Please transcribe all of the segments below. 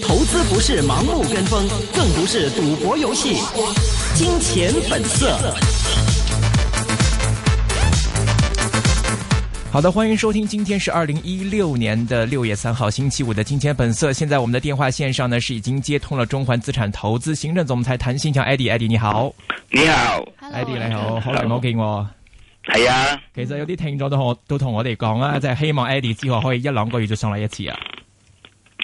投資不是盲目跟風，更不是賭博遊戲。金錢本色。好的，歡迎收聽，今天是二零一六年的六月三號，星期五的《金錢本色》。現在我們的電話線上呢是已經接通了中環資產投資行政總裁譚新強，艾迪，艾迪你好，你好，艾迪你好，好耐冇見。係啊，其實有啲聽咗都同我哋講啦，即係希望 Eddie 之後可以一兩個月就上嚟一次啊。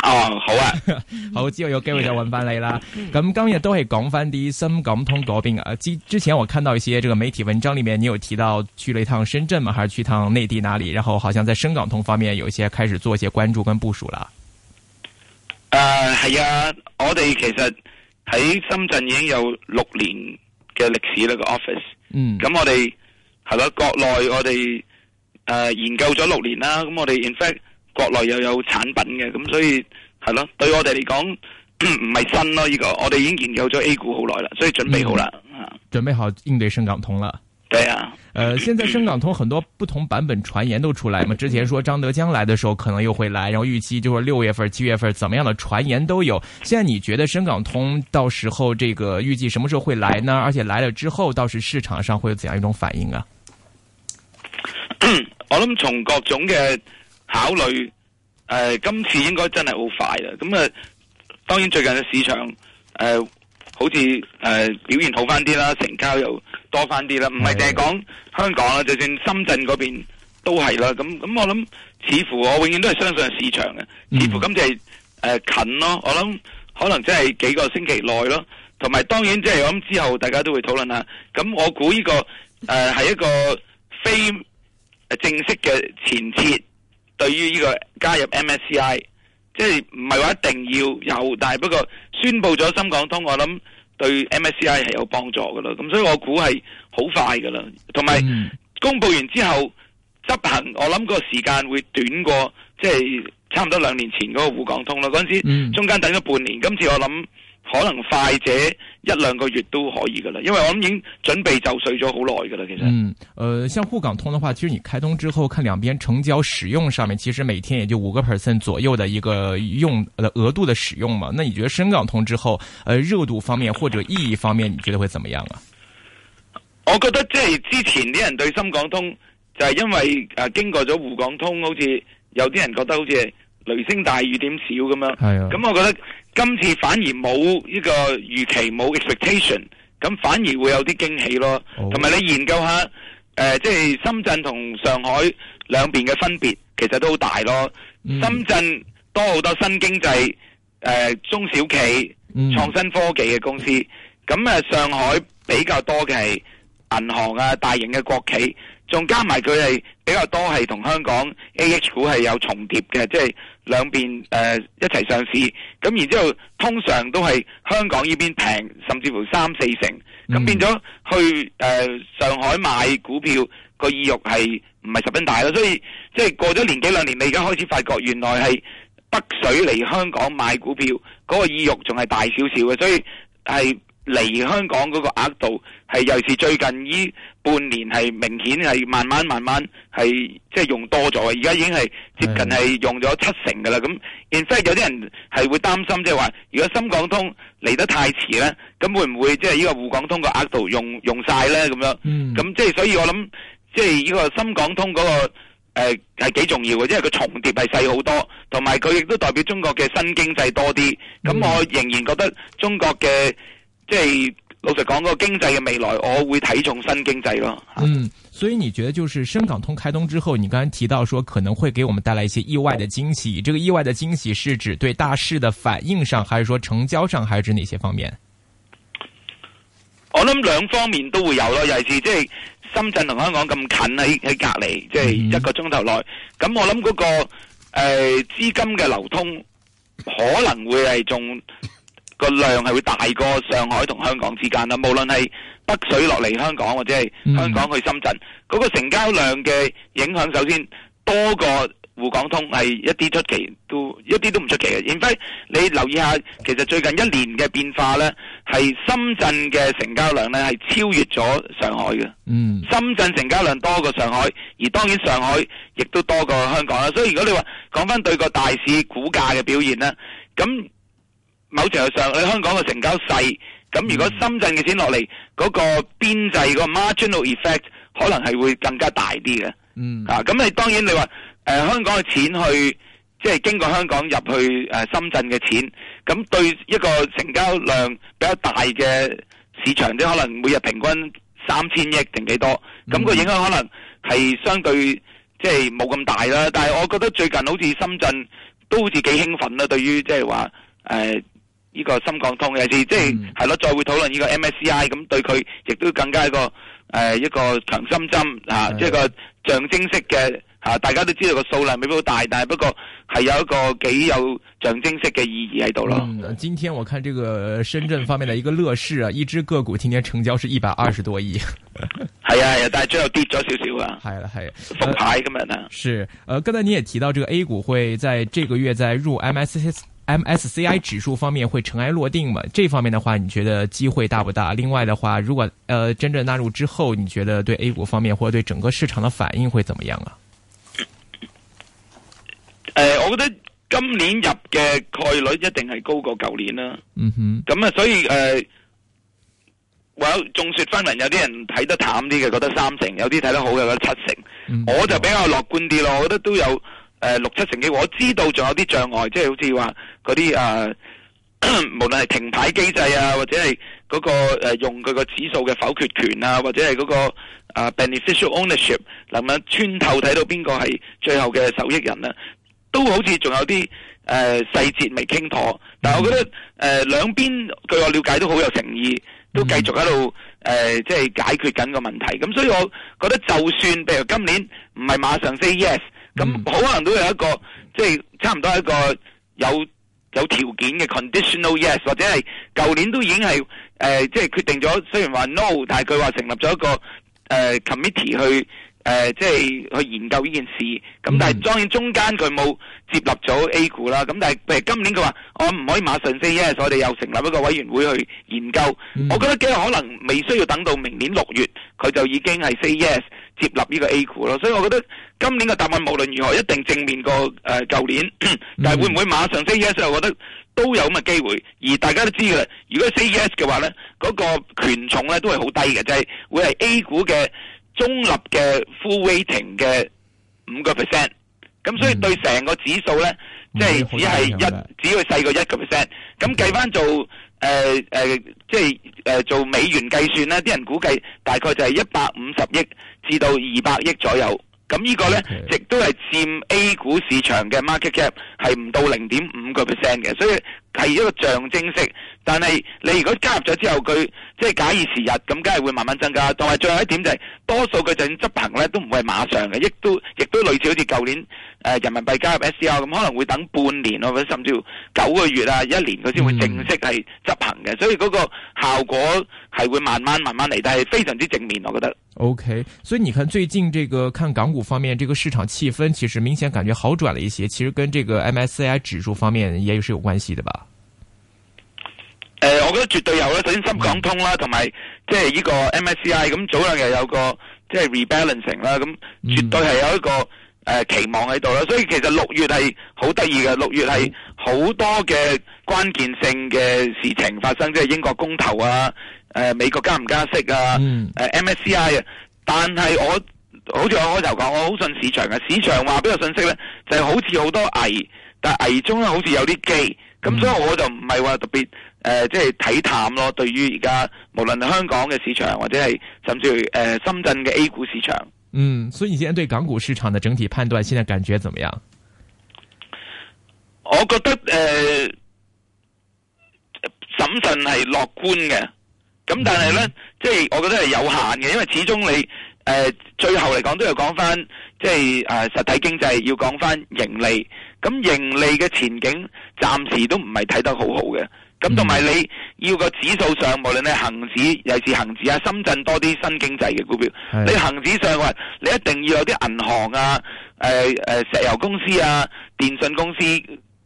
哦，好啊， 好之後有機會就揾翻你啦。咁、啊、今日都係講翻啲深港通嗰邊啊。之前我看到一些這個媒體文章裏面，你有提到去了一趟深圳嘛，還是去一趟內地哪裏？然後好像在深港通方面有一些開始做一些關注跟部署啦。誒、呃，係啊，我哋其實喺深圳已經有六年嘅歷史啦、這個 office。嗯，咁我哋。係咯，國內我哋誒、呃、研究咗六年啦，咁我哋 in fact 國內又有產品嘅，咁所以係咯，對我哋嚟講唔係新咯呢，這個，我哋已經研究咗 A 股好耐啦，所以準備好啦，嗯嗯、準備好應對深港通啦。對啊，誒、呃，現在深港通很多不同版本傳言都出來嘛。之前說張德江來的時候可能又會來，然後預期就是六月份、七月份怎麼樣的傳言都有。現在你覺得深港通到時候這個預計什麼時候會來呢？而且來了之後，到時市場上會有怎樣一種反應啊？我諗從各種嘅考慮，誒、呃，今次應該真係好快啦。咁、嗯、啊，當然最近嘅市場誒、呃，好似誒、呃、表現好翻啲啦，成交又多翻啲啦。唔係淨係講香港啦，就算深圳嗰邊都係啦。咁咁，我諗似乎我永遠都係相信市場嘅。似乎今次係誒、呃、近咯，我諗可能即係幾個星期內咯。同埋當然即係我諗之後，大家都會討論下。咁我估呢、這個誒係、呃、一個非正式嘅前設對於呢個加入 MSCI，即係唔係話一定要有，但係不過宣布咗深港通，我諗對 MSCI 係有幫助㗎喇。咁所以我估係好快㗎喇。同埋公佈完之後執行，我諗嗰個時間會短過即係差唔多兩年前嗰個滬港通喇。嗰陣時中間等咗半年，今次我諗。可能快者一兩個月都可以噶啦，因為我諗已經準備就緒咗好耐噶啦，其實。嗯，呃，像滬港通的話，其實你開通之後，看兩邊成交使用上面，其實每天也就五個 percent 左右的一個用的額、呃、度的使用嘛。那你覺得深港通之後，呃，熱度方面或者意義方面，你覺得會怎麼樣啊？我覺得即係之前啲人對深港通就係因為啊經過咗滬港通，好似有啲人覺得好似雷聲大雨點少咁樣。係啊、哎呀。咁、嗯、我覺得。今次反而冇呢個預期冇 expectation，咁反而會有啲驚喜咯。同埋、oh. 你研究下，即、呃、係、就係、深圳同上海兩邊嘅分別，其實都好大咯。深圳多好多新經濟、呃、中小企、創新科技嘅公司，咁、oh. 嗯嗯、上海比較多嘅係銀行啊、大型嘅國企。仲加埋佢係比較多係同香港 AH 股係有重疊嘅，即係兩邊、呃、一齊上市。咁然之後通常都係香港呢邊平，甚至乎三四成。咁變咗去、呃、上海買股票個意欲係唔係十分大咯？所以即係過咗年幾兩年，你而家開始發覺原來係北水嚟香港買股票嗰個意欲仲係大少少嘅，所以係。嚟香港嗰個額度，係尤其是最近呢半年係明顯係慢慢慢慢係即係用多咗，而家已經係接近係用咗七成㗎啦。咁的，然之後有啲人係會擔心，即係話如果深港通嚟得太遲咧，咁會唔會即係呢個滬港通個額度用用晒咧？咁樣，咁、嗯、即係所以我諗，即係呢個深港通嗰、那個誒係幾重要嘅，因為佢重疊係細好多，同埋佢亦都代表中國嘅新經濟多啲。咁我仍然覺得中國嘅。即係老實講，個經濟嘅未來我會睇重新經濟咯。嗯，所以你覺得就是深港通開通之後，你剛才提到說可能會給我們帶來一些意外的驚喜。這個意外的驚喜是指對大市的反應上，還是說成交上，還是指哪些方面？我諗兩方面都會有咯，尤其是即係深圳同香港咁近，喺隔離即係、就是、一個鐘頭內。咁、嗯、我諗嗰、那個誒、呃、資金嘅流通可能會係仲。 個量係會大過上海同香港之間啦，無論係北水落嚟香港或者係香港去深圳，嗰、嗯、個成交量嘅影響，首先多過滬港通係一啲出奇，都一啲都唔出奇嘅。除非你留意下，其實最近一年嘅變化呢，係深圳嘅成交量呢係超越咗上海嘅。嗯，深圳成交量多過上海，而當然上海亦都多過香港啦。所以如果你話講翻對個大市股價嘅表現呢咁。某程度上，你香港嘅成交細，咁如果深圳嘅錢落嚟，嗰、個邊際、個 marginal effect 可能係會更加大啲嘅。嗯，啊，咁你當然你話誒、呃、香港嘅錢去，即係經過香港入去誒、啊、深圳嘅錢，咁對一個成交量比較大嘅市場，即可能每日平均三千億定幾多，咁個影響可能係相對即係冇咁大啦。但係我覺得最近好似深圳都好似幾興奮啦，對於即係話誒。呃呢個深港通嘅意思，即係係咯，再會討論呢個 MSCI 咁對佢亦都更加一個誒、呃、一個強心針啊，即係、哎、呀個象徵式嘅吓、啊，大家都知道個數量未必好大，但係不過係有一個幾有象徵式嘅意義喺度咯。嗯，今天我看這個深圳方面的一個樂視啊，一隻個股今天成交是一百二十多億，係啊係， 但係最後跌咗少少啊，係啦係，復、哎、牌咁樣啊。是，誒、呃，剛才你也提到，這個 A 股會在這個月再入 MSCI。MSCI 指數方面會塵埃落定嘛？這方面的話，你覺得機會大不大？另外的話，如果，呃，真正納入之後，你覺得對 A 股方面或者對整個市場的反應會怎麼樣啊？誒、呃，我覺得今年入嘅概率一定係高過舊年啦。嗯哼，咁啊，所以誒，話眾說紛紜，有啲人睇得淡啲嘅，覺得三成；有啲睇得好嘅，覺得七成。嗯、哼我就比較樂觀啲咯，我覺得都有。誒、呃、六七成幾，我知道仲有啲障礙，即係好似話嗰啲誒，無論係停牌機制啊，或者係嗰、那個、呃、用佢個指數嘅否決權啊，或者係嗰、那個 beneficial ownership，能唔能穿透睇到邊個係最後嘅受益人啊？都好似仲有啲誒、呃、細節未傾妥。但係我覺得、呃、兩邊據我了解都好有誠意，都繼續喺度、呃、即係解決緊個問題。咁所以，我覺得就算譬如今年唔係馬上 say yes。咁好、嗯、可能都有一個，即、就、係、是、差唔多一個有有條件嘅 conditional yes，或者係舊年都已經係誒即係決定咗。雖然話 no，但係佢話成立咗一個誒、呃、committee 去誒即係去研究呢件事。咁但係當然中間佢冇接納咗 A 股啦。咁但係譬如今年佢話我唔可以馬上 say yes，我哋又成立一個委員會去研究。嗯、我覺得可能未需要等到明年六月，佢就已經係 say yes 接納呢個 A 股咯。所以我覺得。今年嘅答案無論如何，一定正面過誒舊、呃、年，但係會唔會馬上升 Yes？我覺得都有咁嘅機會。而大家都知嘅，如果升 Yes 嘅話咧，嗰、那個權重咧都係好低嘅，就係、是、會係 A 股嘅中立嘅 full weighting 嘅五個 percent。咁所以對成個指數咧，即係只係一，只會細過一個 percent。咁計翻做誒誒，即係誒做美元計算咧，啲人估計大概就係一百五十億至到二百億左右。咁呢個咧，亦都係佔 A 股市場嘅 market cap 係唔到零點五個 percent 嘅，所以。係一個象徵式，但係你如果加入咗之後，佢即係假以時日咁，梗係會慢慢增加。同埋，最後一點就係、是、多數佢就算執行咧，都唔會係馬上嘅，亦都亦都類似好似舊年誒、呃、人民幣加入 S C R 咁，可能會等半年啊，或者甚至九個月啊，一年佢先會正式係執行嘅。嗯、所以嗰個效果係會慢慢慢慢嚟，但係非常之正面，我覺得。O、okay, K，所以你看最近這個看港股方面，這個市場氣氛其實明顯感覺好轉了一些，其實跟這個 M S C I 指數方面也是有關係的吧。誒、呃，我覺得絕對有啦。首先深港通啦，同埋即係呢個 MSCI，咁早兩日有個即係 rebalancing 啦，咁絕對係有一個誒、就是 mm. 呃、期望喺度啦。所以其實六月係好得意嘅，六月係好多嘅關鍵性嘅事情發生，即係英國公投啊，誒、呃、美國加唔加息啊，誒 MSCI 啊。MSCI, 但係我好似我開頭講，我好信市場嘅，市場話俾個信息咧，就係、是、好似好多危，但係危中咧好似有啲機，咁所以我就唔係話特別。誒，即係睇淡咯。對於而家無論是香港嘅市場，或者係甚至誒、呃、深圳嘅 A 股市場，嗯，所以你而家對港股市場的整體判斷，現在感覺怎麼樣？我覺得誒，審慎係樂觀嘅，咁但係呢，即係、嗯、我覺得係有限嘅，因為始終你誒、呃、最後嚟講都要講翻，即係誒、呃、實體經濟要講翻盈利，咁盈利嘅前景暫時都唔係睇得很好好嘅。咁同埋你要個指數上，無論你恆指尤其是恆指啊，深圳多啲新經濟嘅股票。是的 你恆指上話，話，你一定要有啲銀行啊、誒、呃、誒石油公司啊、電信公司，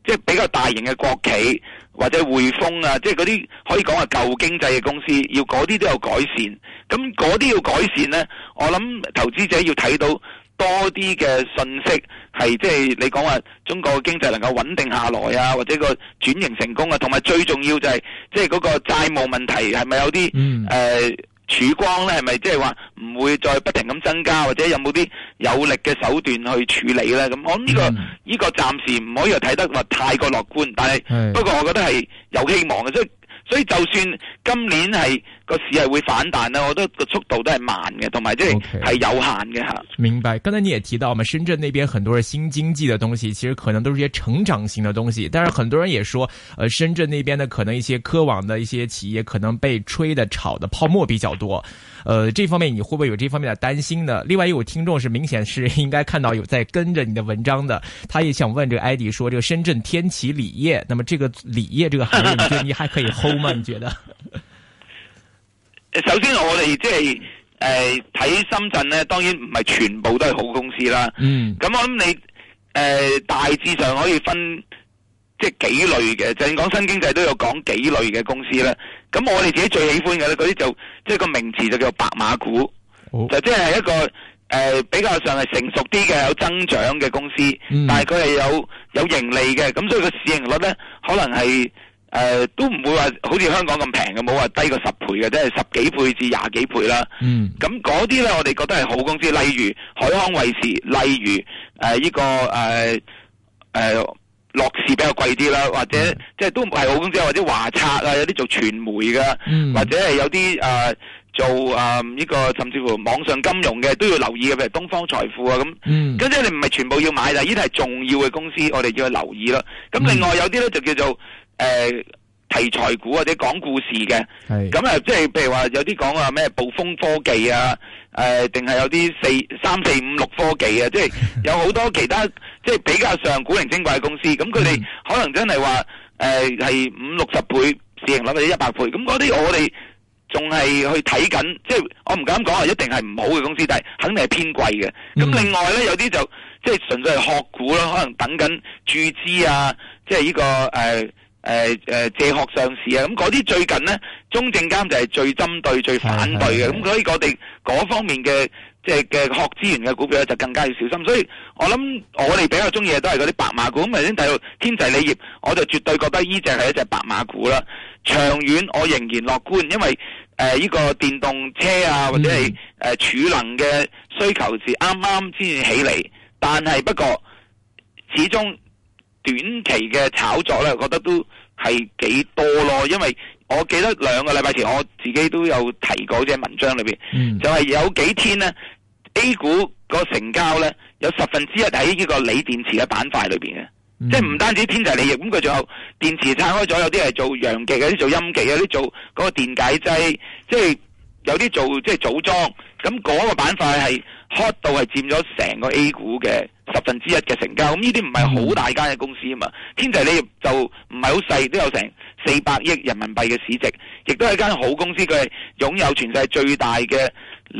即係比較大型嘅國企或者匯豐啊，即係嗰啲可以講係舊經濟嘅公司，要嗰啲都有改善。咁嗰啲要改善呢，我諗投資者要睇到。多啲嘅信息，係即係你講話，中國嘅經濟能夠穩定下來啊，或者個轉型成功啊，同埋最重要就係、是，即係嗰個債務問題係咪有啲誒曙光咧？係咪即係話唔會再不停咁增加，或者有冇啲有，有力嘅手段去處理咧？咁我諗呢個呢個暫時唔可以睇得話太過樂觀，但係不過我覺得係有希望嘅，所以所以就算今年係。個市係會反彈啦，我覺得個速度都係慢嘅，同埋即係係有限嘅吓。明白，剛才你也提到嘛，深圳那邊很多新經濟嘅東西，其實可能都係一些成長型嘅東西。但是很多人也說，誒、呃，深圳那邊呢，可能一些科網嘅一些企業，可能被吹的炒的泡沫比較多。呃，這方面你會不會有這方面嘅擔心呢？另外，有聽眾是明顯是應該看到有在跟着你的文章的，他也想問這個 Eddie，說這個深圳天齊鋰業，那麼這個鋰業這個行業，你覺得你還可以 hold 嗎？你覺得？ 首先我哋即係誒睇深圳咧，當然唔係全部都係好公司啦。嗯。咁我諗你誒、呃、大致上可以分即係幾類嘅，就係講新經濟都有講幾類嘅公司啦。咁我哋自己最喜歡嘅咧，嗰啲就即係、就是、個名詞，就叫白馬股，好就即係一個誒、呃、比較上係成熟啲嘅有增長嘅公司，但係佢係有有盈利嘅，咁所以個市盈率咧可能係。誒、呃，都唔會話好似香港咁平嘅，冇話低過十倍嘅，即係十幾倍至廿幾倍啦。咁嗰啲咧，我哋覺得係好公司，例如海康衛視，例如誒呢、呃這個誒誒、呃呃、樂視比較貴啲啦，或者即係、就是、都唔係好公司，或者華策啊，有啲做傳媒嘅，mm. 或者係有啲誒、呃、做誒呢個甚至乎網上金融嘅都要留意嘅，譬如東方財富啊咁。咁、mm. 即你唔係全部要買，但係呢啲係重要嘅公司，我哋要去留意啦。咁另外有啲咧就叫做。誒、呃，題材股或者講故事嘅，咁啊是，即係譬如話有啲講話咩暴風科技啊，誒、呃，定係有啲四三四五六科技啊，即、就、係、是、有好多其他 即係比較上古靈精怪嘅公司，咁佢哋可能真係話誒係五六十倍市盈率或者一百倍，咁嗰啲我哋仲係去睇緊，即、就、係、是、我唔敢講係一定係唔好嘅公司，但係肯定係偏貴嘅。咁另外咧，有啲就即係純粹係殼股啦，可能等緊注資啊，即係呢個誒。呃誒誒、呃呃，借殼上市啊！咁嗰啲最近呢，中證監就係最針對、最反對嘅。咁、嗯、所以我哋嗰方面嘅即係嘅殼資源嘅股票咧，就更加要小心。所以，我諗我哋比較中意嘅都係嗰啲白馬股。咁頭先睇到天齊鋰業，我就絕對覺得呢隻係一隻白馬股啦。長遠我仍然樂觀，因為誒呢、呃這個電動車啊或者係誒儲能嘅需求是啱啱先起嚟，但係不過始終。短期嘅炒作咧，我覺得都係幾多咯，因為我記得兩個禮拜前我自己都有提過，隻文章裏邊，嗯、就係有幾天呢 A 股個成交呢，有十分之一喺呢個鋰電池嘅板塊裏邊嘅，嗯、即係唔單止天齊鋰業，咁佢仲有電池拆開咗，有啲係做陽極，有啲做陰極，有啲做嗰個電解劑，即係有啲做即係組裝，咁嗰個板塊係。hot 度係佔咗成個 A 股嘅十分之一嘅成交，咁呢啲唔係好大間嘅公司啊嘛。嗯、天齊鋰業就唔係好細，都有成四百億人民幣嘅市值，亦都係間好公司。佢係擁有全世界最大嘅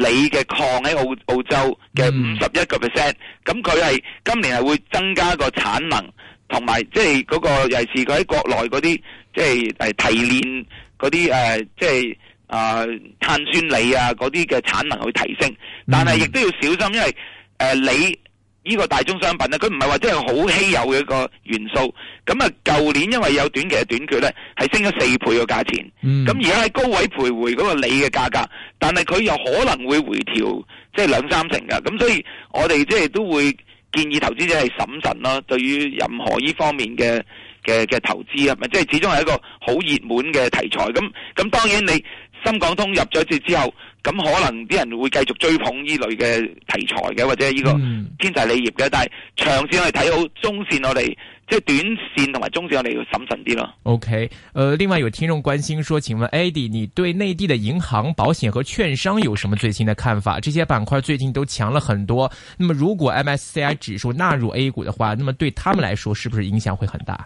鋰嘅礦喺澳澳洲嘅五十一個 percent。咁佢係今年係會增加個產能，同埋即係嗰個尤其是佢喺國內嗰啲即係誒提煉嗰啲誒即係。呃就是啊、呃，碳酸鋰啊，嗰啲嘅產能去提升，但係亦都要小心，因為誒鋰呢個大宗商品咧，佢唔係話即係好稀有嘅一個元素。咁啊，舊年因為有短期嘅短缺咧，係升咗四倍嘅價錢。咁而家喺高位徘徊嗰個鋰嘅價格，但係佢又可能會回調，即係兩三成噶。咁所以我哋即係都會建議投資者係審慎咯，對於任何呢方面嘅嘅嘅投資啊，咪即係始終係一個好熱門嘅題材。咁咁當然你。深港通入咗市之後，咁可能啲人會繼續追捧呢類嘅題材嘅，或者呢個天齊鋰業嘅。嗯、但係長線我哋睇好，中線我哋即係短線同埋中線我哋要審慎啲咯。OK，誒、呃，另外有聽眾關心說，請問 Eddie 你對內地嘅銀行、保險和券商有什麼最新嘅看法？這些板塊最近都強了很多。那麼如果 MSCI 指數納入 A 股的話，那麼對他們來說，是不是影響會很大？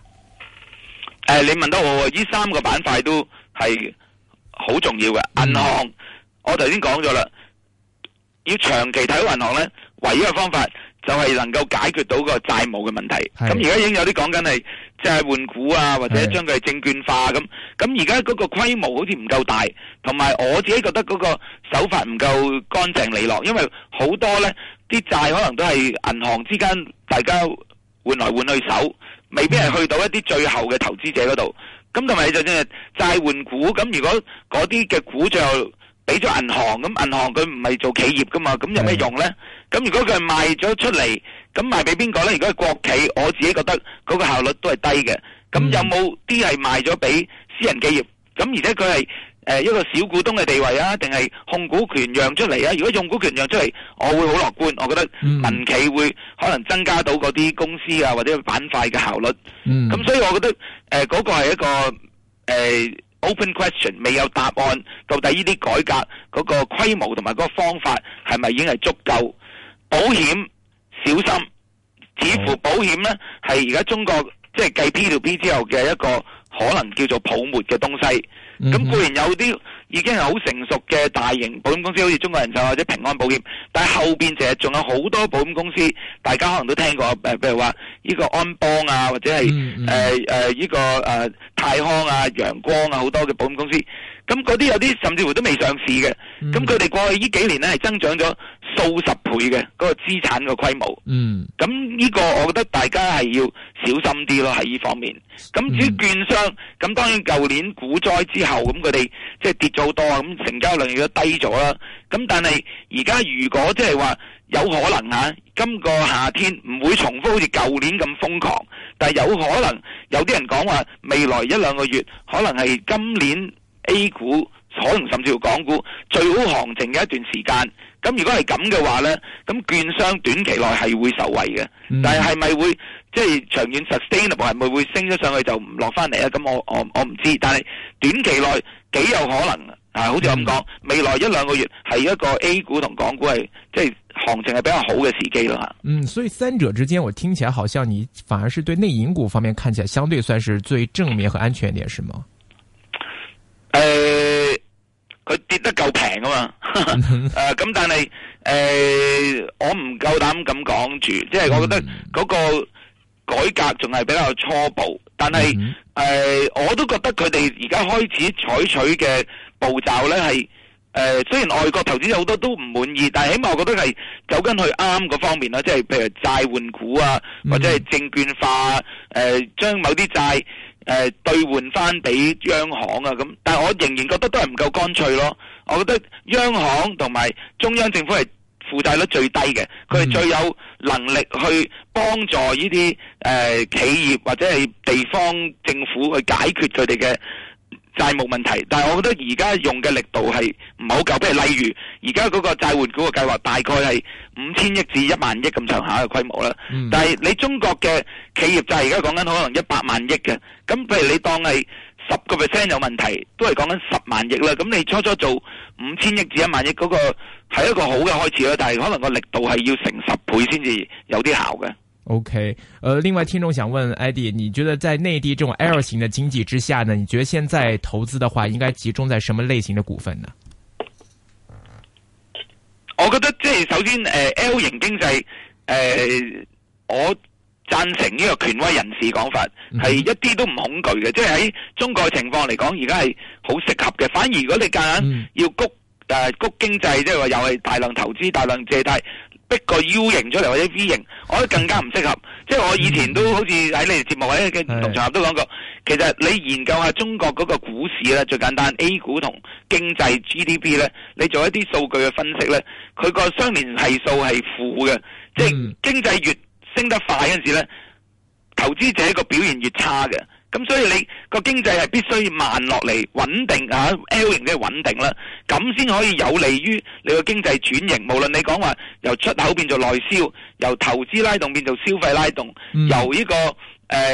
誒、呃，你問到我，呢三個板塊都係。好重要嘅銀行，嗯、我頭先講咗啦，要長期睇銀行呢，唯一嘅方法就係能夠解決到個債務嘅問題。咁而家已經有啲講緊係即係換股啊，或者將佢係證券化咁。咁而家嗰個規模好似唔夠大，同埋我自己覺得嗰個手法唔夠乾淨利落，因為好多呢啲債可能都係銀行之間大家換來換去手，未必係去到一啲最後嘅投資者嗰度。咁同埋就算係債換股，咁如果嗰啲嘅股最後俾咗銀行，咁銀行佢唔係做企業噶嘛，咁有咩用呢？咁如果佢係賣咗出嚟，咁賣俾邊個呢？如果係國企，我自己覺得嗰個效率都係低嘅。咁有冇啲係賣咗俾私人企業？咁而且佢係。誒一個小股東嘅地位啊，定係控股權讓出嚟啊？如果用股權讓出嚟，我會好樂觀。我覺得民企會可能增加到嗰啲公司啊或者板塊嘅效率。咁、嗯、所以我覺得誒嗰、呃嗰個係一個誒、呃、open question，未有答案。到底呢啲改革嗰個規模同埋嗰個方法係咪已經係足夠？保險小心，似乎保險呢，係而家中國即係繼 P2P 之後嘅一個。可能叫做泡沫嘅東西，咁固然有啲已經係好成熟嘅大型保險公司，好似中國人壽或者平安保險，但係後邊其實仲有好多保險公司，大家可能都聽過，誒譬如話呢個安邦啊，或者係誒誒呢個誒泰康啊、陽光啊好多嘅保險公司。咁嗰啲有啲甚至乎都未上市嘅，咁佢哋過去呢幾年咧係增長咗數十倍嘅嗰個資產嘅規模。咁呢、嗯、個我覺得大家係要小心啲咯，喺呢方面。咁至於券商，咁當然舊年股災之後，咁佢哋即係跌咗好多啊，咁成交量亦都低咗啦。咁但係而家如果即係話有可能嚇、啊，今個夏天唔會重複好似舊年咁瘋狂，但係有可能有啲人講話未來一兩個月可能係今年。A 股可能甚至乎港股最好行情嘅一段時間，咁如果係咁嘅話咧，咁券商短期內係會受惠嘅。嗯、但係係咪會即係、就是、長遠 sustainable 係咪會升咗上去就唔落翻嚟？啊？咁我我我唔知道，但係短期內幾有可能啊，好似咁講，嗯、未來一兩個月係一個 A 股同港股係即係行情係比較好嘅時機啦。嗯，所以三者之間，我聽起來好像你反而是對內銀股方面看起來相對算是最正面和安全一點是嗎？誒，佢、呃、跌得夠平啊嘛，誒，咁、 呃、但係誒、呃，我唔夠膽咁講住，即係我覺得嗰個改革仲係比較初步，但係誒、嗯嗯呃，我都覺得佢哋而家開始採取嘅步驟咧，係、呃、誒，雖然外國投資者好多都唔滿意，但係起碼我覺得係走緊去啱嗰方面啦，即係譬如債換股啊，或者係證券化，誒、呃，將某啲債。誒兌、呃、換翻俾央行啊！咁，但我仍然覺得都係唔夠乾脆咯。我覺得央行同埋中央政府係負債率最低嘅，佢係最有能力去幫助呢啲、呃、企業或者係地方政府去解決佢哋嘅。債務問題，但係我覺得而家用嘅力度係唔係好夠，譬如例如而家嗰個債換股嘅計劃，大概係五千億至一萬億咁上下嘅規模啦。嗯、但係你中國嘅企業債而家講緊可能一百萬億嘅，咁譬如你當係十個 percent 有問題，都係講緊十萬億啦。咁你初初做五千億至一萬億嗰、嗰個係一個好嘅開始啦，但係可能個力度係要成十倍先至有啲效嘅。OK，呃另外，聽眾想問 Eddie，你覺得在內地這種 L 型的經濟之下呢？你覺得現在投資的話，應該集中在什麼類型的股份呢？我覺得即係首先誒、呃、，L 型經濟誒、呃，我贊成呢個權威人士講法，係、嗯、一啲都唔恐懼嘅，即係喺中國嘅情況嚟講，而家係好適合嘅。反而如果你夾硬要谷誒、嗯呃、谷經濟，即係話又係大量投資、大量借貸。逼個 U 型出嚟或者 V 型，我覺得更加唔適合。即係我以前都好似喺你哋節目或者嘅同場合都講過，是的 其實你研究下中國嗰個股市咧，最簡單 A 股同經濟 GDP 咧，你做一啲數據嘅分析咧，佢個相關係數係負嘅，即係經濟越升得快嗰陣時咧，投資者個表現越差嘅。咁所以你個經濟係必須慢落嚟穩定啊，L 型嘅穩定啦，咁先可以有利於你個經濟轉型。無論你講話由出口變做內銷，由投資拉動變做消費拉動，嗯、由呢個誒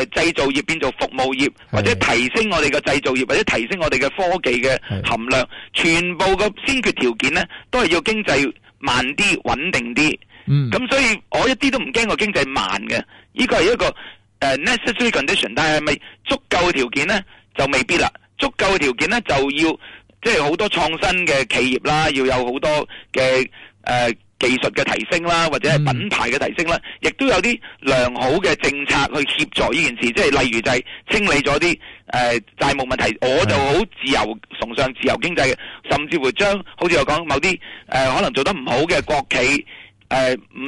製造業變做服務業，或者提升我哋嘅製造業，或者提升我哋嘅科技嘅含量，是的 全部個先決條件咧，都係要經濟慢啲穩定啲。咁、嗯、所以我一啲都唔驚個經濟慢嘅，呢個係一個。Uh, necessary condition，但係咪足夠嘅條件咧就未必啦，足夠嘅條件咧就要即係好多創新嘅企業啦，要有好多嘅誒、呃、技術嘅提升啦，或者係品牌嘅提升啦，亦、嗯、都有啲良好嘅政策去協助呢件事，即係例如就係清理咗啲誒債務問題，我就好自由崇尚自由經濟嘅，甚至乎將好似我講某啲誒、呃、可能做得唔好嘅國企。誒，唔、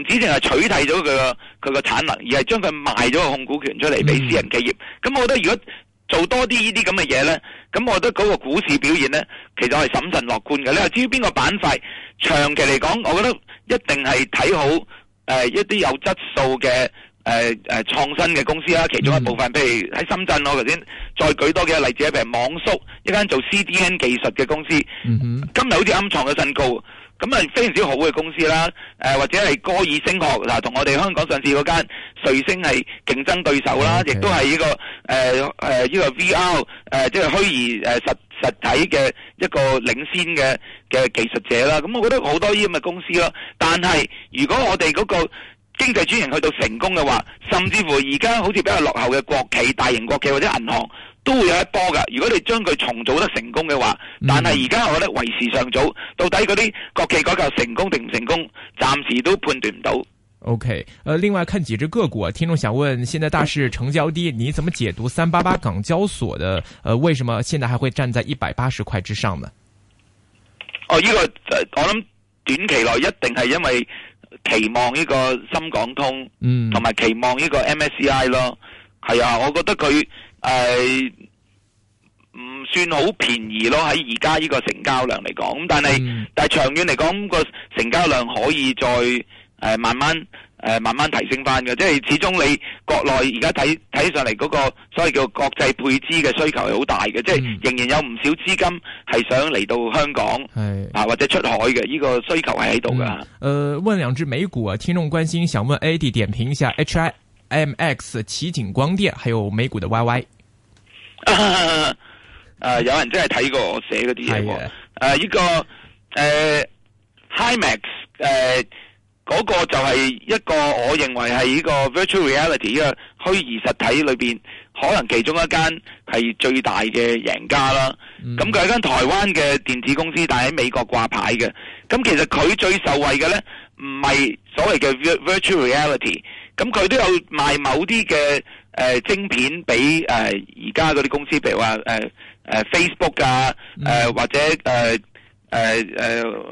uh, 止淨係取締咗佢佢個產能，而係將佢賣咗個控股權出嚟俾私人企業。咁、mm hmm. 我覺得如果做多啲呢啲咁嘅嘢咧，咁我覺得嗰個股市表現咧，其實我係審慎樂觀嘅。你話，至於邊個板塊長期嚟講，我覺得一定係睇好誒、呃、一啲有質素嘅誒誒創新嘅公司啦。其中一部分，mm hmm. 譬如喺深圳，我頭先再舉多幾個例子，譬如網宿一間做 CDN 技術嘅公司，mm hmm. 今日好似啱創咗新高。咁啊，非常之好嘅公司啦，誒，或者係歌爾聲學，嗱同我哋香港上市嗰間瑞聲係競爭對手啦，亦都係呢個誒誒呢個 VR 誒、呃，即係虛擬誒實實體嘅一個領先嘅嘅技術者啦。咁我覺得好多呢啲咁嘅公司咯，但係如果我哋嗰個。經濟轉型去到成功嘅話，甚至乎而家好似比較落後嘅國企、大型國企或者銀行都會有一波噶。如果你將佢重組得成功嘅話，但係而家我覺得為時尚早。到底嗰啲國企改革成功定唔成功，暫時都判斷唔到。OK，呃，另外看幾隻個股，聽眾想問：現在大市成交低，你怎麼解讀三八八港交所的？誒，呃，為什麼現在還會站在一百八十塊之上呢？哦，呢個、這個、呃，我諗短期內一定係因為。期望呢個深港通，同埋、嗯、期望呢個 MSCI 咯，係啊，我覺得佢誒唔算好便宜咯，喺而家呢個成交量嚟講，咁但係、嗯、但係長遠嚟講，個成交量可以再誒、呃、慢慢。誒，慢慢提升翻嘅，即係始終你國內而家睇睇上嚟嗰個，所謂叫國際配置嘅需求係好大嘅，嗯、即係仍然有唔少資金係想嚟到香港，哎、啊或者出海嘅呢、這個需求係喺度噶。誒、嗯呃，問兩支美股啊，聽眾關心，想問 Eddie 點評一下 HIMX 奇景光電，還有美股的 YY。誒、啊啊，有人真係睇過我寫嗰啲嘢喎。誒、哎呀，呢、啊這個誒 Himax 誒。呃嗰個就係一個，我認為係呢個 virtual reality 嘅虛擬實體裏面可能其中一間係最大嘅贏家啦。咁佢係間台灣嘅電子公司，但係喺美國掛牌嘅。咁其實佢最受惠嘅咧，唔係所謂嘅 virtual reality。咁佢都有賣某啲嘅誒晶片俾誒而家嗰啲公司，譬如話、呃呃、Facebook 啊，呃嗯、或者、呃誒誒、呃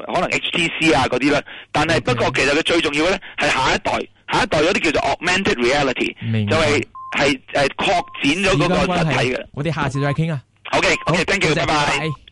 呃，可能 HTC 啊嗰啲啦，但係 Okay. 不過其實佢最重要咧，係下一代，下一代嗰啲叫做 augmented reality，明白就係係誒擴展咗嗰個實體嘅。我哋下次再傾啊。OK OK，thank okay, 好 you，拜拜。